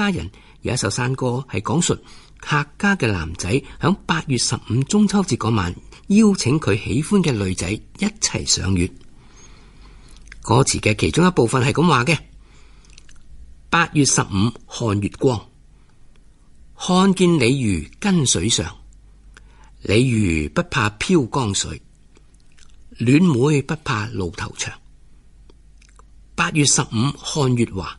家人有一首山歌，係講述客家嘅男仔響八月十五中秋節嗰晚邀請佢喜歡嘅女仔一齊賞月。歌詞嘅其中一部分係咁話嘅：八月十五看月光，看見鯉魚跟水上，鯉魚不怕飄江水，戀妹不怕路頭長。八月十五看月華。